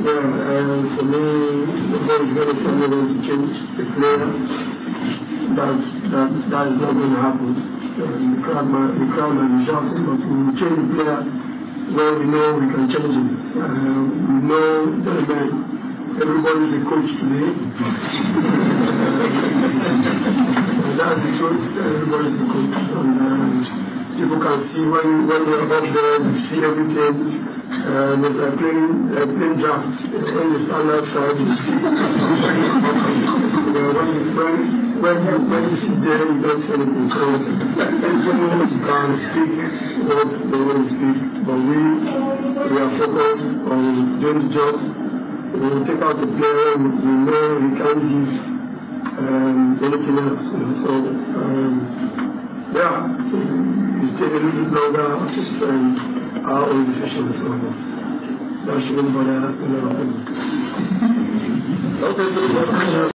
Yeah, and for me, there is very strong to change the player. That that, that is not going to happen. the crowd might, the crowd might be shouting, but when we change the player, where we know we can change him. Um, we know that everybody is a coach today. that's the truth, everybody is a coach. And um, people can see when, when they are up there, they see everything uh, with a plain, a uh, plain drum when you stand outside. you know, when, you, when, when, you, when you sit there, you don't say anything. So everyone can speak what they want to speak, but we, we are focused on doing the job. We take out the player we know we can't give um, anything else. You know, so, um, yeah. يشتغلوا باللغة تسبعين أو يفشل باللغة لا شغل ولا رقم